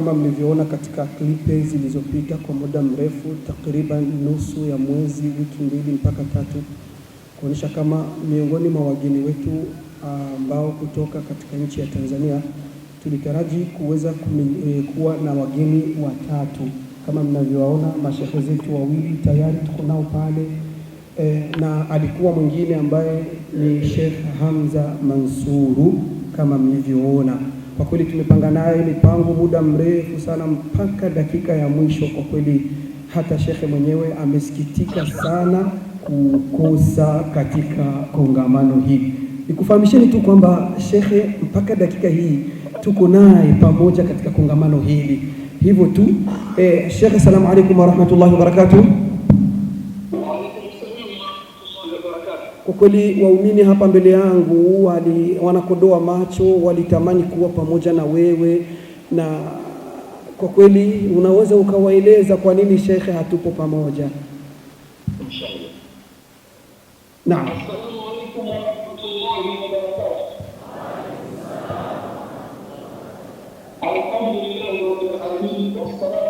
kama mlivyoona katika klipe zilizopita, kwa muda mrefu takriban nusu ya mwezi, wiki mbili mpaka tatu, kuonyesha kama miongoni mwa wageni wetu ah, ambao kutoka katika nchi ya Tanzania tulitaraji kuweza eh, kuwa na wageni watatu. Kama mnavyowaona mashehe zetu wawili tayari tuko nao pale e, na alikuwa mwingine ambaye ni Sheikh Hamza Mansuru kama mlivyoona. Kwa kweli tumepanga naye mipango muda mrefu sana mpaka dakika ya mwisho. Kwa kweli hata shekhe mwenyewe amesikitika sana kukosa katika kongamano hili. Nikufahamisheni tu kwamba shekhe mpaka dakika hii tuko naye pamoja katika kongamano hili, hivyo tu eh, shekhe, salamu alaykum wa rahmatullahi wa barakatuh. Ukweli waumini hapa mbele yangu wali, wanakodoa macho, walitamani kuwa pamoja na wewe, na kwa kweli unaweza ukawaeleza kwa nini shekhe hatupo pamoja? Inshallah. Naam. Assalamu alaykum wa rahmatullahi wa barakatuh. Alhamdulillah rabbil alamin.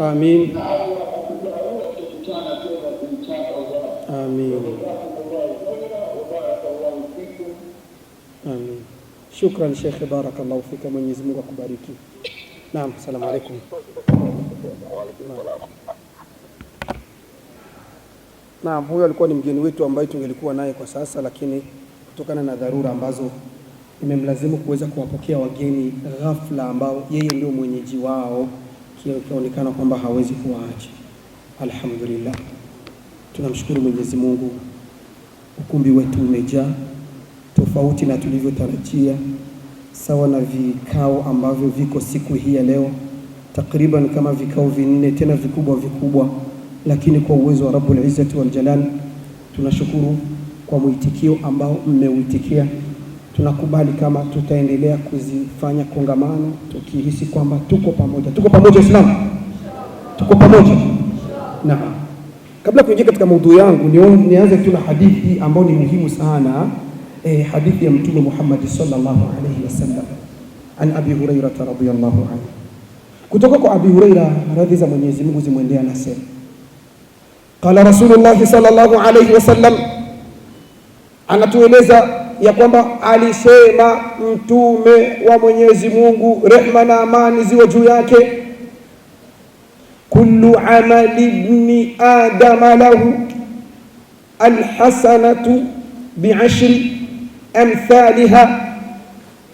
آمين آمين آمين شكرا شيخ بارك الله فيك من يزمك وبارك نعم السلام عليكم وعليكم السلام Naam, huyo alikuwa ni mgeni wetu ambaye tungelikuwa naye kwa sasa, lakini kutokana na dharura ambazo imemlazimu kuweza kuwapokea wageni ghafla ambao yeye ndio mwenyeji wao, kionekana kwamba hawezi kuwaacha. Alhamdulillah, tunamshukuru Mwenyezi Mungu, ukumbi wetu umejaa tofauti na tulivyotarajia, sawa na vikao ambavyo viko siku hii ya leo, takriban kama vikao vinne, tena vikubwa vikubwa lakini kwa uwezo wa Rabbul Izzati wal Jalal tunashukuru kwa mwitikio ambao mmeuitikia. Tunakubali kama tutaendelea kuzifanya kongamano tukihisi kwamba tuko pamoja, tuko pamoja Islam, tuko pamoja na. Kabla kuingia katika maudhui yangu, nianze tu na hadithi ambayo ni muhimu sana eh, hadithi ya Mtume Muhammad sallallahu alayhi wasallam an Abi Hurairah radhiyallahu anhu, kutoka kwa Abi Hurairah radhi za Mwenyezi Mungu zimwendea, anasema Qala Rasulullahi sallallahu alayhi wasallam, anatueleza ya kwamba alisema mtume wa Mwenyezi Mungu, rehma na amani ziwe juu yake, kullu amali ibni adama lahu alhasanatu biashri amthaliha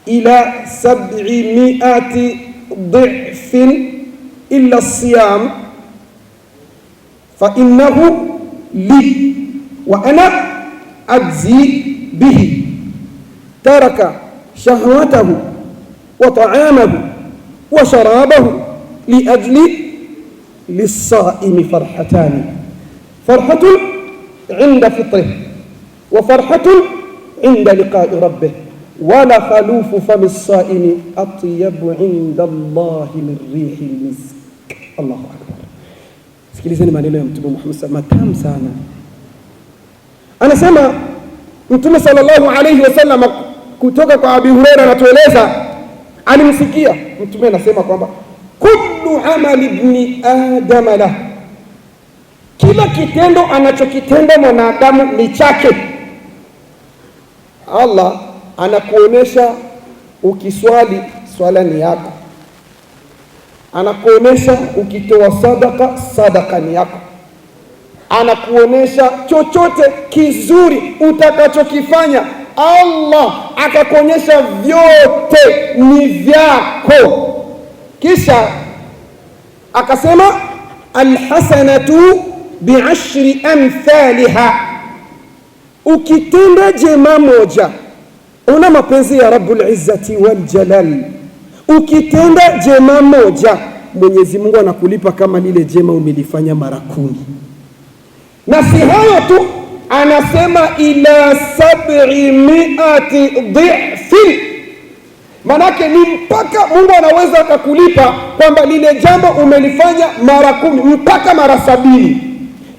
ila sab'i mi'ati dhifin illa siyam فإنه لي وأنا أجزي به ترك شهوته وطعامه وشرابه لأجل للصائم فرحتان فرحة عند فطره وفرحة عند لقاء ربه ولخلوف فم الصائم أطيب عند الله من ريح المسك الله أكبر Sikilizeni maneno ya Mtume Muhammad matamu sana, anasema Mtume sallallahu alayhi wasallam kutoka kwa Abi Huraira anatueleza alimsikia Mtume anasema kwamba kullu amali ibni adama lah, kila kitendo anachokitenda mwanadamu ni chake. Allah anakuonesha ukiswali swala ni yako anakuonesha ukitoa sadaka, sadaka ni yako. Anakuonesha chochote kizuri utakachokifanya, Allah akakuonyesha vyote ni vyako, kisha akasema alhasanatu biashri amthaliha, ukitenda jema moja una mapenzi ya Rabbul Izzati wal Jalal Ukitenda jema moja, Mwenyezi Mungu anakulipa kama lile jema umelifanya mara kumi. Na si hayo tu, anasema ila sab'i mi'ati dhi'fi, manake ni mpaka Mungu anaweza akakulipa kwamba lile jambo umelifanya mara kumi mpaka mara sabini.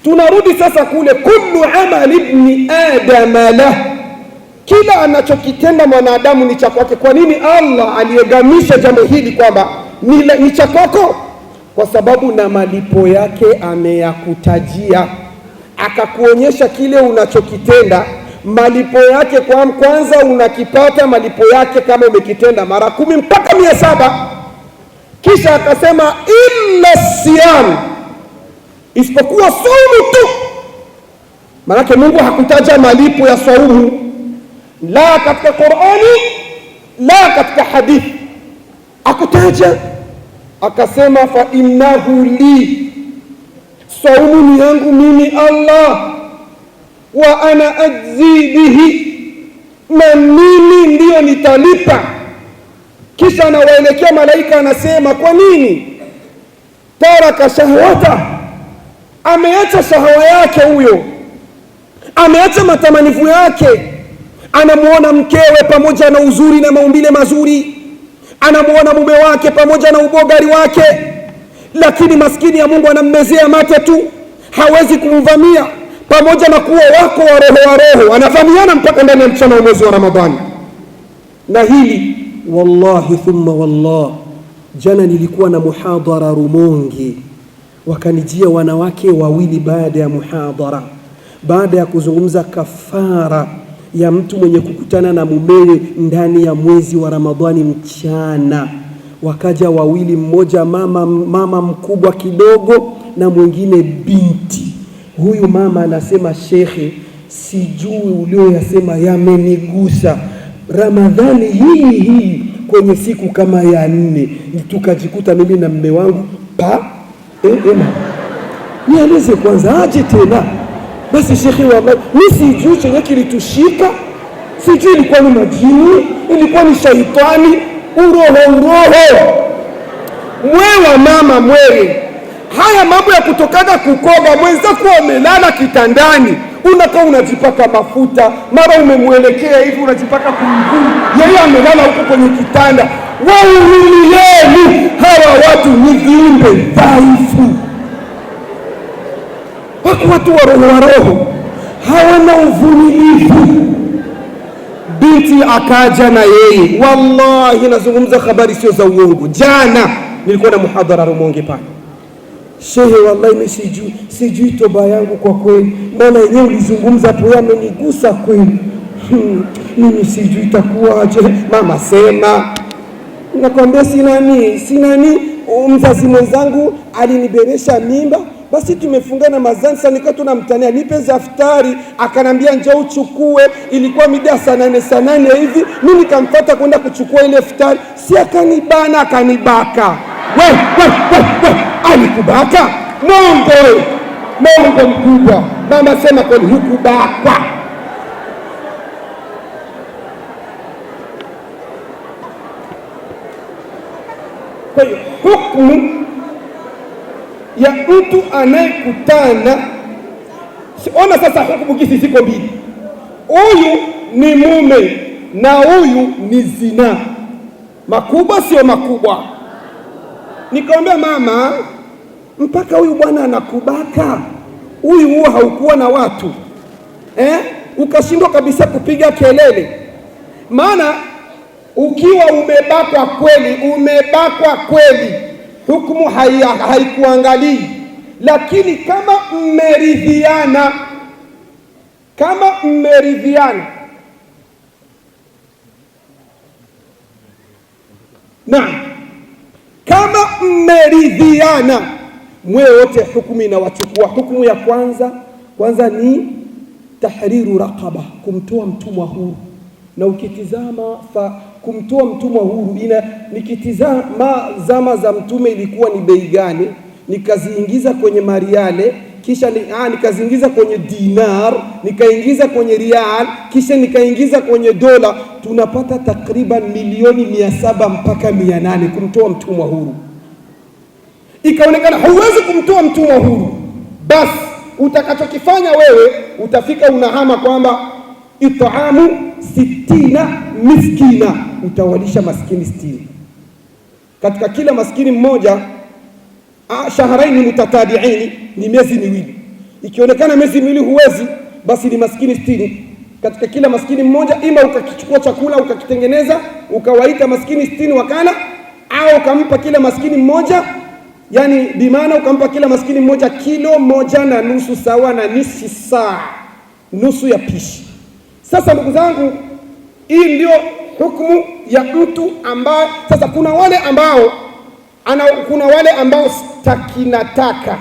Tunarudi sasa kule kullu amali ibni adama lah kila anachokitenda mwanadamu ni cha kwake. Kwa nini Allah aliyegamisha jambo hili kwamba ni cha kwako? Kwa sababu na malipo yake ameyakutajia, akakuonyesha kile unachokitenda malipo yake kwa kwanza unakipata malipo yake kama umekitenda mara kumi mpaka mia saba. Kisha akasema illa siyam, isipokuwa saumu tu. Maanake Mungu hakutaja malipo ya saumu la katika Qurani la katika hadithi. Akutaja akasema, fa innahu li saumu, ni yangu mimi Allah, wa ana ajzi bihi, na mimi ndiyo nitalipa. Kisha anawaelekea malaika anasema, kwa nini? Taraka shahwata, ameacha shahawa yake, huyo ameacha matamanifu yake anamwona mkewe pamoja na uzuri na maumbile mazuri, anamwona mume wake pamoja na ubogari wake, lakini maskini ya Mungu anammezea mate tu, hawezi kumvamia pamoja na kuwa wako wa roho wa roho, anavamiana mpaka ndani ya mchana wa mwezi wa Ramadhani. Na hili wallahi thumma wallah, jana nilikuwa na muhadhara Rumongi, wakanijia wanawake wawili baada ya muhadhara, baada ya kuzungumza kafara ya mtu mwenye kukutana na mumewe ndani ya mwezi wa Ramadhani mchana, wakaja wawili, mmoja mama, mama mkubwa kidogo na mwingine binti. Huyu mama anasema, shekhe, sijui ulioyasema yamenigusa. Ramadhani hii hii kwenye siku kama ya nne tukajikuta mimi na mme wangu pa eh, eh, nieleze kwanza aje tena basi shekhi, wallahi mi sijui chenye kilitushika, sijui ilikuwa ni majini, ilikuwa ni shaitani, uroho uroho. Mwewa mama mwele haya mambo ya kutokaga kukoga kuwa amelala kitandani, unakaa unajipaka mafuta, mara umemwelekea hivi unajipaka kumguu, yeye amelala huko kwenye kitanda. Wahurumiyeni hawa watu, ni viumbe dhaifu wako watu wa roho wa roho, hawana uvumilivu. Binti akaja na yeye, wallahi nazungumza habari sio za uongo. Jana nilikuwa na muhadhara Rumonge pale, shehe, wallahi mimi sijui sijui toba yangu kwa kweli, maana yenyewe ulizungumza hapo yamenigusa kweli. Hmm, mimi sijui itakuwaje. Mama sema, nakwambia sinani sinani, mzazi mwenzangu aliniberesha mimba basi tumefungana mazansa, nikawa tunamtania nipe zaftari, akanambia njoo uchukue. Ilikuwa mida saa nane saa nane hivi, mi nikamfata kwenda kuchukua ile iftari, si akanibana, akanibaka. We, we, we, we, alikubaka mongo, mongo mkubwa. Mama sema kwani hukubakwa? Kwa hiyo hukumu ya mtu anayekutana. Ona sasa, hukumu kisi ziko mbili, huyu ni mume na huyu ni zina Makubwa sio makubwa? Nikamwambia mama, mpaka huyu bwana anakubaka huyu, huo haukuwa na watu eh? Ukashindwa kabisa kupiga kelele, maana ukiwa umebakwa kweli, umebakwa kweli hukumu haikuangalii hai, lakini kama mmeridhiana, kama mmeridhiana na kama mmeridhiana, mwee wote hukumu inawachukua. Hukumu ya kwanza kwanza ni tahriru raqaba, kumtoa mtumwa huru, na ukitizama fa kumtoa mtumwa huru. Ina nikitizama zama za Mtume ilikuwa ni bei gani, nikaziingiza kwenye mariale kisha ni, ah, nikaziingiza kwenye dinar nikaingiza kwenye rial kisha nikaingiza kwenye dola, tunapata takriban milioni mia saba mpaka mia nane kumtoa mtumwa huru. Ikaonekana huwezi kumtoa mtumwa huru, basi utakachokifanya wewe utafika unahama kwamba itaamu sitina miskina, utawalisha maskini sitini. Katika kila maskini mmoja, shaharaini mutatabiini, ni miezi miwili. Ikionekana miezi miwili huwezi, basi ni maskini sitini katika kila maskini mmoja, ima ukakichukua chakula ukakitengeneza ukawaita maskini sitini wakala, au ukampa kila maskini mmoja yani, bimaana ukampa kila maskini mmoja kilo moja na nusu, sawa na nisi saa, nusu ya pishi sasa ndugu zangu, hii ndio hukumu ya mtu ambaye sasa, kuna wale ambao ana, kuna wale ambao staki nataka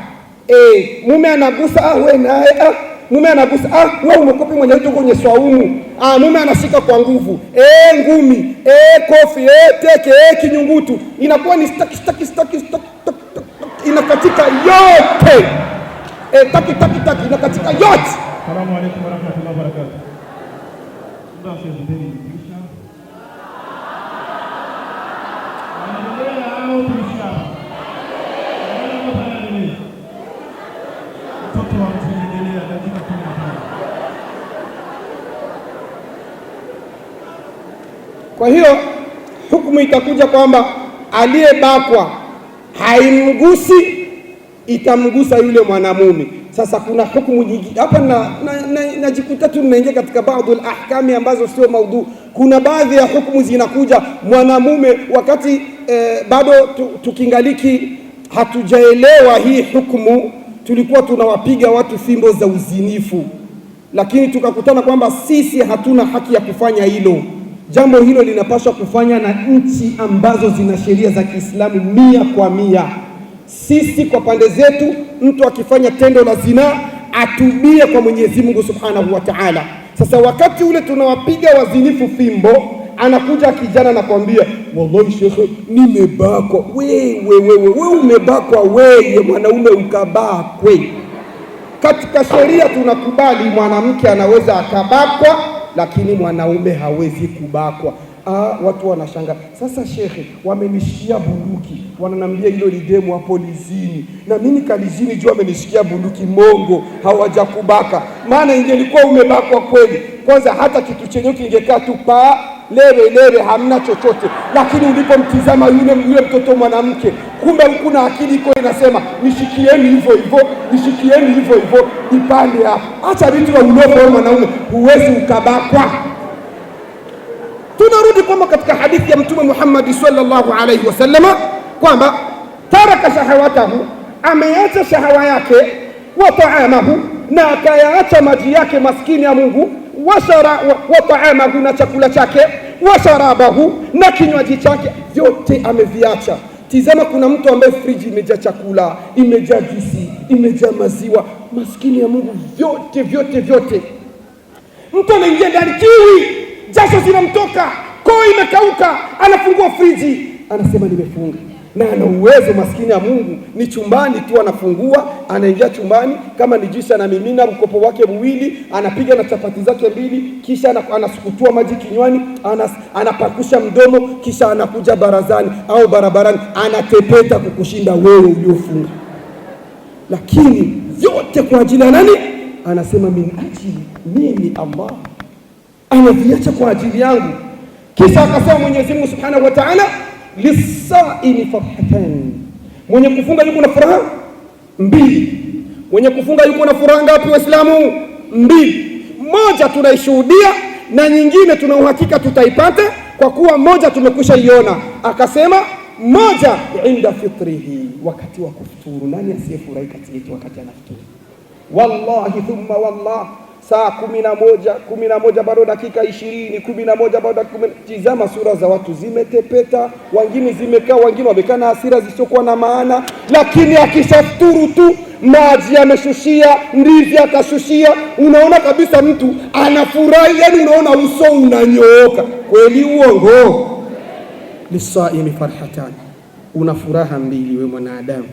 e, mume anagusa ah, we naye ah, mume anagusa ah, we umekopi mwenye mtu kwenye swaumu ah, mume anashika kwa nguvu e, ngumi e, kofi e, teke e, kinyungutu, inakuwa ni staki staki staki staki, inakatika yote e, taki taki taki, inakatika yote. Asalamu alaykum wa barakatuh. Mtoto wa mtu endelea dakika kumi na tano. Kwa hiyo hukumu itakuja kwamba aliyebakwa haimgusi, itamgusa yule mwanamume. Sasa kuna hukumu nyingi hapa na najikuta na, na tu naingia katika baadhi ya ahkami ambazo sio maudhu. Kuna baadhi ya hukumu zinakuja mwanamume wakati eh, bado tukingaliki hatujaelewa hii hukumu. Tulikuwa tunawapiga watu fimbo za uzinifu, lakini tukakutana kwamba sisi hatuna haki ya kufanya hilo. Jambo hilo linapaswa kufanya na nchi ambazo zina sheria za Kiislamu mia kwa mia. Sisi kwa pande zetu, mtu akifanya tendo la zinaa atubie kwa Mwenyezi Mungu Subhanahu wa Ta'ala. Sasa wakati ule tunawapiga wazinifu fimbo, anakuja kijana anakwambia, wallahi shekhe, nimebakwa. Wewe wewe wewe umebakwa wewe, mwanaume ukabakwe. Katika sheria tunakubali mwanamke anaweza akabakwa, lakini mwanaume hawezi kubakwa. Ah, watu wanashanga sasa, shekhe, wamenishikia bunduki, wananambia hilo ni hapo lizini, na mimi kalizini juu wamenishikia bunduki mongo, hawajakubaka. Maana ingelikuwa umebakwa kweli, kwanza hata kitu chenye kingekaa tu pa lele lele, hamna chochote, lakini ulipomtizama yule yule mtoto mwanamke, kumbe huku na akili iko inasema nishikieni hivyo hivyo, nishikieni hivyo hivyo, ipande hapo. Acha vitu vya mwanaume, huwezi ukabakwa kwamba katika hadithi ya Mtume Muhammadi sallallahu alaihi wasallama kwamba taraka shahawatahu, ameacha shahawa yake, wa taamahu, na akayaacha maji yake maskini ya Mungu, wa taamahu, na chakula chake, wa sharabahu, na kinywaji chake, vyote ameviacha. Tizama, kuna mtu ambaye friji imejaa chakula, imejaa juisi, imejaa maziwa, maskini ya Mungu, vyote vyote vyote. Mtu anaingia ndani kiwi, jasho zinamtoka koo imekauka, anafungua friji, anasema nimefunga na ana uwezo maskini ya Mungu, ni chumbani tu anafungua, anaingia chumbani, kama ni juisi anamimina mkopo wake mwili, anapiga na chapati zake mbili, kisha anasukutua maji kinywani, anas, anapakusha mdomo, kisha anakuja barazani au barabarani, anatepeta kukushinda wewe uliofunga. Lakini vyote kwa ajili ya nani? Anasema min ajili mimi, ambao anaviacha kwa ajili yangu. Kisha akasema Mwenyezi Mungu Subhanahu wa Ta'ala, lisaimi farhatan, mwenye kufunga yuko na furaha mbili. Mwenye kufunga yuko na furaha ngapi? Waislamu, mbili. Moja tunaishuhudia na nyingine tuna uhakika tutaipata, kwa kuwa moja tumekwisha iona. Akasema moja, inda fitrihi, wakati wa kufuturu. Nani asiyefurahi kati yetu wakati anafuturu? Wallahi thumma wallahi saa kumi na moja kumi na moja bado dakika ishirini kumi na moja bado dakika. Tizama sura za watu zimetepeta, wengine zimekaa, wengine wamekaa na hasira zisizokuwa na maana, lakini akishafuturu tu maji ameshushia, ndivi akashushia, unaona kabisa mtu anafurahi, yani unaona uso unanyooka kweli. Uongo lisaimi farhatani, una furaha mbili we mwanadamu.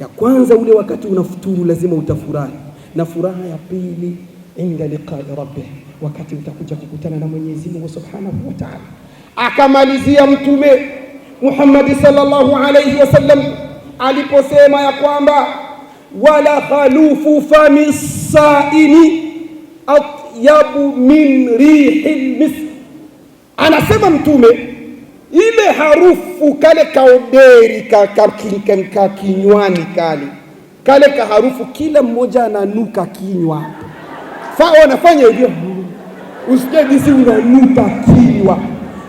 Ya kwanza ule wakati unafuturu lazima utafurahi, na furaha ya pili inda liqai rabbih, wakati utakuja kukutana na Mwenyezi Mungu subhanahu wa taala. Akamalizia Mtume Muhammadi sallallahu alayhi wasallam aliposema ya kwamba wala khalufu fami atyabu min rihil misk, anasema Mtume ile harufu kale kaoderi kinywani kale kale harufu, kila mmoja ananuka kinywa wanafanya oh, hivyo, usikie jinsi unanuka kiwa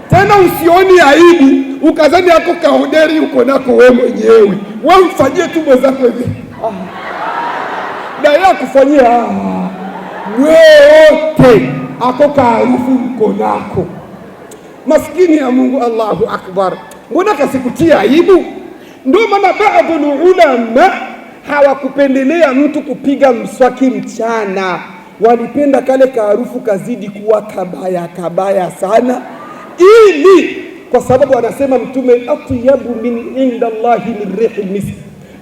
tena, usioni aibu ukazani yako kaoderi uko nako wewe mwenyewe, wewe mfanyie tumbo zako hivi na yeye akufanyia ah, wote ako kaarufu mko nako maskini ya Mungu. Allahu akbar, mbona kasikutia aibu? Ndio maana baadhi ulama hawakupendelea mtu kupiga mswaki mchana walipenda kale kaharufu kazidi kuwa kabaya kabaya sana, ili kwa sababu anasema Mtume atyabu min inda llahi min rihi misk,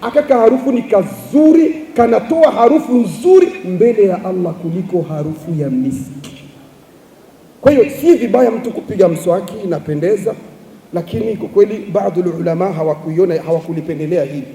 aka kaharufu ni kazuri, kanatoa harufu nzuri mbele ya Allah kuliko harufu ya miski. Kwa hiyo si vibaya mtu kupiga mswaki, inapendeza, lakini kwa kweli baadhi ulama hawakuiona, hawakulipendelea hili.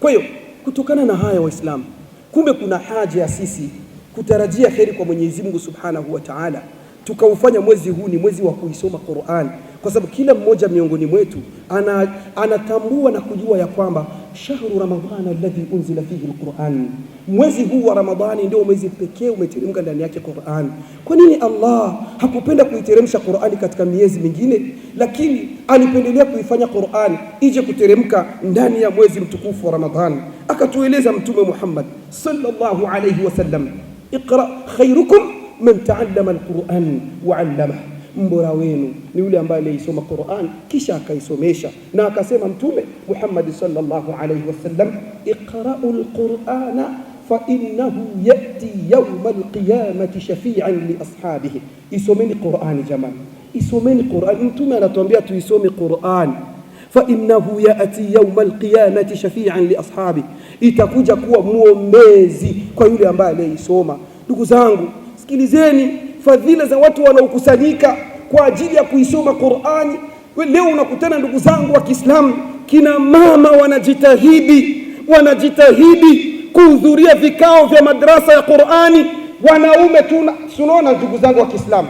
Kwa hiyo kutokana na haya Waislamu, kumbe kuna haja ya sisi kutarajia kheri kwa Mwenyezi Mungu Subhanahu wa Ta'ala, tukaufanya mwezi huu ni mwezi wa kuisoma Qur'an, kwa sababu kila mmoja miongoni mwetu ana, anatambua na kujua ya kwamba shahru ramadhana alladhi unzila fihi alquran, mwezi huu wa Ramadhani ndio mwezi pekee umeteremka ndani yake Qur'an. Kwa nini Allah hakupenda kuiteremsha Qur'ani katika miezi mingine, lakini alipendelea kuifanya qurani ije kuteremka ndani ya mwezi mtukufu wa Ramadhani? Akatueleza Mtume Muhammad sallallahu alayhi wasallam Iqra khairukum man taallama alquran wa allama, mbora wenu ni yule ambaye aliisoma Qur'an kisha akaisomesha. Na akasema Mtume Muhammad sallallahu alayhi wasallam, iqra'ul qur'ana fa innahu yati yawma alqiyamati shafi'an li ashabihi, isomeni Qur'ani jamani, isomeni Qur'ani. Mtume anatuambia tuisome Qur'an, fa innahu yati yawma alqiyamati shafi'an li ashabihi itakuja kuwa mwombezi kwa yule ambaye aliyeisoma. Ndugu zangu, sikilizeni fadhila za watu wanaokusanyika kwa ajili ya kuisoma Qur'ani. Leo unakutana ndugu zangu wa Kiislamu, kina mama wanajitahidi, wanajitahidi kuhudhuria vikao vya madrasa ya Qur'ani. Wanaume tunaona, ndugu zangu wa Kiislamu,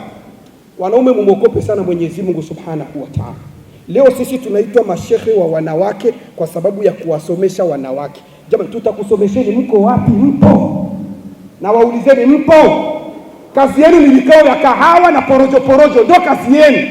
wanaume mumwogope sana Mwenyezi Mungu Subhanahu wa Ta'ala. Leo sisi tunaitwa mashehe wa wanawake kwa sababu ya kuwasomesha wanawake. Jamani, tutakusomesheni mko wapi? Mpo na waulizeni, mpo? Kazi yenu ni vikao vya kahawa na porojo porojo, ndio kazi yenu.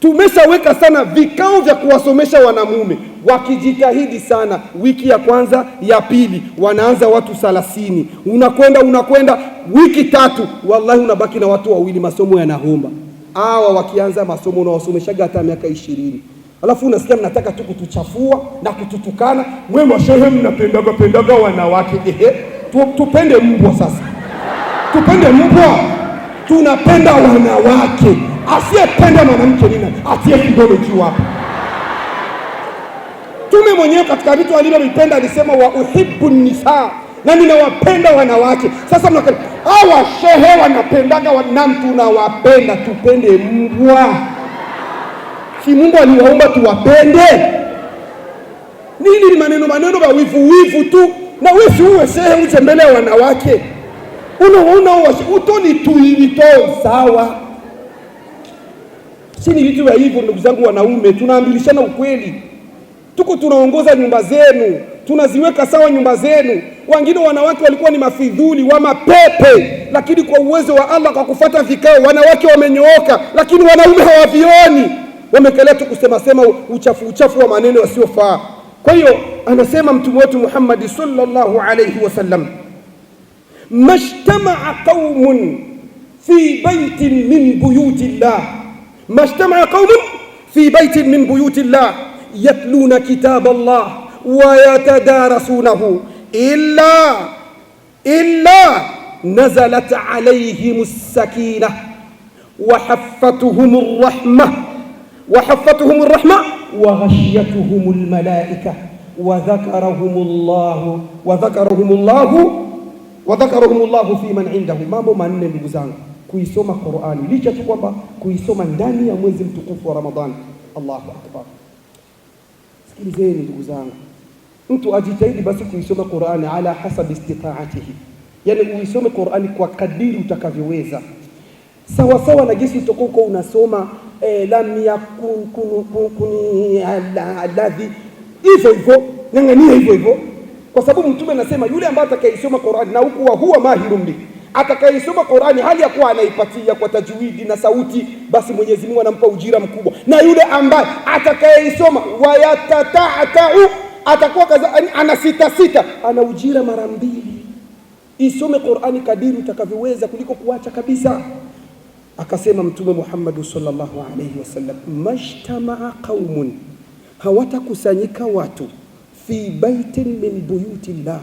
Tumeshaweka sana vikao vya kuwasomesha wanamume, wakijitahidi sana. Wiki ya kwanza ya pili wanaanza watu thelathini, unakwenda unakwenda, wiki tatu, wallahi unabaki na watu wawili, masomo yanahomba. Hawa wakianza masomo unawasomeshaga hata miaka ishirini alafu unasikia mnataka tu kutuchafua na kututukana. Mwe mashehe mnapendaga pendaga wanawake, ehe, tupende mbwa sasa, tupende mbwa, tunapenda wanawake. Asiyependa mwanamke nina atie kidole juu hapa. Tume mwenyewe katika vitu alivyovipenda alisema, wa uhibbu nisaa, na ninawapenda wanawake. Sasa mnakaa hawa shehe wanapendaga wanam, tunawapenda, tupende mbwa Si Mungu aliwaumba tuwapende? Nini ni maneno maneno ya wivu wivu tu? Na wewe si uwe sehemu uje mbele ya wanawake, unaona utoni tuilitoo sawa. Si ni vitu vya hivyo, ndugu zangu wanaume, tunaambilishana ukweli. Tuko tunaongoza nyumba zenu, tunaziweka sawa nyumba zenu. Wengine wanawake walikuwa ni mafidhuli wa mapepe, lakini kwa uwezo wa Allah, kwa kufata vikao, wanawake wamenyooka, lakini wanaume hawavioni. wamekalea tu kusema sema uchafu uchafu wa maneno yasiyofaa. Kwa hiyo anasema mtume wetu Muhammad sallallahu alayhi wasallam, mashtamaa qaumun fi baitin min buyuti llah, mashtamaa qaumun fi baitin min buyuti llah yatluna kitab Allah wa yatadarasunahu illa illa nazalat alayhim as-sakinah wa haffatuhum ar-rahmah وحفتهم hafathum وغشيتهم wa وذكرهم الله وذكرهم الله wa dhakarahumullahu fi man indahu. Mambo manne ndugu zangu, kuisoma Qur'ani, licha tu kwamba kuisoma ndani ya mwezi mtukufu wa Ramadhani. Allahu akbar! Sikilizeni ndugu zangu, mtu ajitahidi basi kuisoma Qur'ani ala hasabi istitaatihi, yani uisome Qur'ani kwa kadiri utakavyoweza, sawa sawa na jinsi utakokuwa unasoma eh, lam yakun kuni aladhi hivyo hivyo, ng'ang'ania hivyo hivyo, kwa sababu mtume anasema yule ambaye atakayeisoma Qur'ani na huku wa huwa mahirun bi atakayeisoma Qur'ani hali ya kuwa anaipatia kwa tajwidi na sauti, basi Mwenyezi Mungu anampa ujira mkubwa. Na yule ambaye atakayeisoma wayatatatau, atakuwa ana sita sita, ana ujira mara mbili. Isome Qur'ani kadiri utakavyoweza kuliko kuacha kabisa. Akasema Mtume Muhammad sallallahu alayhi wasallam, majtamaa qaumun, hawatakusanyika watu fi baitin min buyuti llah,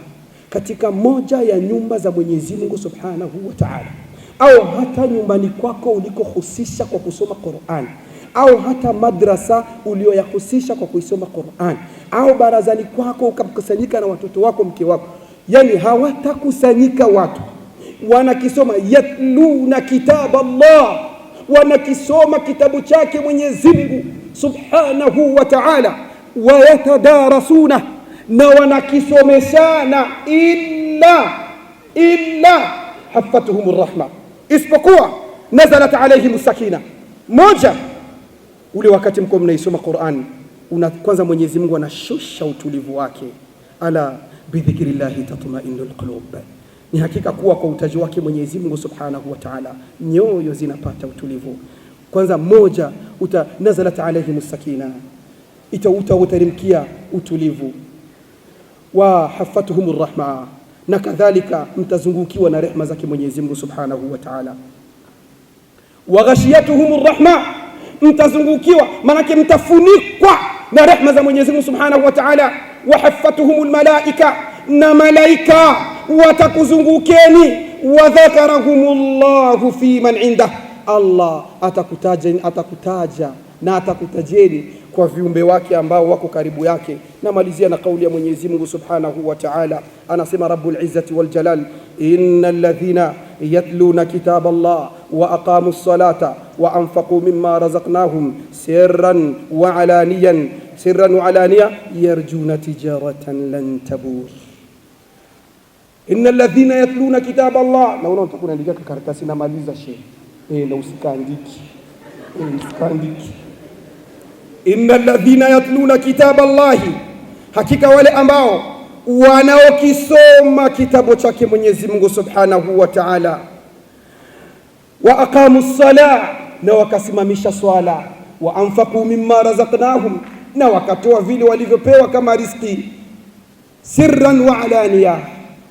katika moja ya nyumba za Mwenyezi Mungu subhanahu wa taala, au hata nyumbani kwako ulikohusisha kwa kusoma Qur'an, au hata madrasa ulioyahusisha kwa kuisoma Qur'an, au barazani kwako ukakusanyika na watoto wako, mke wako, yani hawatakusanyika watu wanakisoma yatluna kitaba Allah, wanakisoma kitabu chake Mwenyezi Mungu subhanahu wa ta'ala, wayatadarasuna, na wanakisomeshana illa illa hafathum rahma, isipokuwa nazalat alayhim sakina. Moja, ule wakati mko mnaisoma Qur'an una kwanza, Mwenyezi Mungu anashusha utulivu wake. ala bidhikrillahi tatma'innul qulub ni hakika kuwa kwa utaji wake Mwenyezi Mungu Subhanahu wa Ta'ala nyoyo zinapata utulivu. Kwanza moja uta, nazalat alaihim sakina utautarimkia utulivu, wa hafatuhum rahma, na kadhalika mtazungukiwa na rehma zake Mwenyezi Mungu Subhanahu wa Ta'ala. Wa ghashiyatuhum rahma, mtazungukiwa manake mtafunikwa na rehma za Mwenyezi Mungu Subhanahu wa Ta'ala. Wa hafatuhum almalaika, na malaika watakuzungukeni wadhakarahumullahu fi man inda Allah atakutaja, atakutaja na atakutajeni kwa viumbe wake ambao wako karibu yake. Namalizia na kauli ya Mwenyezi Mungu Subhanahu wa Ta'ala, anasema Rabbul Izzati wal Jalal, innal ladhina yatluna kitaba Allah wa aqamu ssalata wa anfaqu mimma razaqnahum sirran wa alaniyan sirran wa alaniya yarjuna tijaratan lan tabur inna alladhina yatluna kitaba Allah. Naona utakuwa unaandika karatasi, namaliza shehe eh, na usikandiki eh, usikandiki. Inna alladhina yatluna kitaba Allahi, hakika wale ambao wanaokisoma kitabu chake Mwenyezi Mungu subhanahu wa ta'ala, wa aqamu ssalah, na wakasimamisha swala, wa anfaqu mimma razaqnahum, na wakatoa vile walivyopewa kama riski, sirran wa alaniya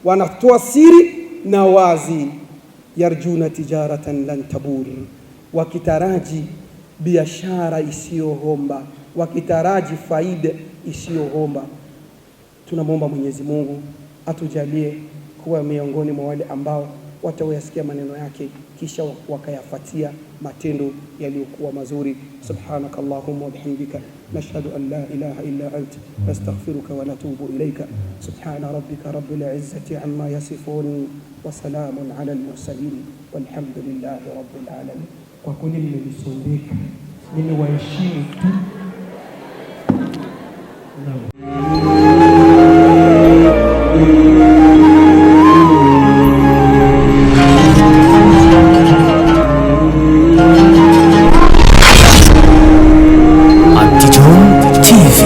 wanatoa siri na wazi, yarjuna tijaratan lan tabur, wakitaraji biashara isiyohomba, wakitaraji faida isiyohomba. Tunamwomba Mwenyezi Mungu atujalie kuwa miongoni mwa wale ambao watawayasikia maneno yake kisha wakayafatia matendo yaliyokuwa mazuri. subhanakallahumma wa bihamdika نشهد أن لا إله إلا أنت نستغفرك ونتوب إليك سبحان ربك رب العزة عما يصفون وسلام على المرسلين والحمد لله رب العالمين وكن من nimejisondeka, من ويشيك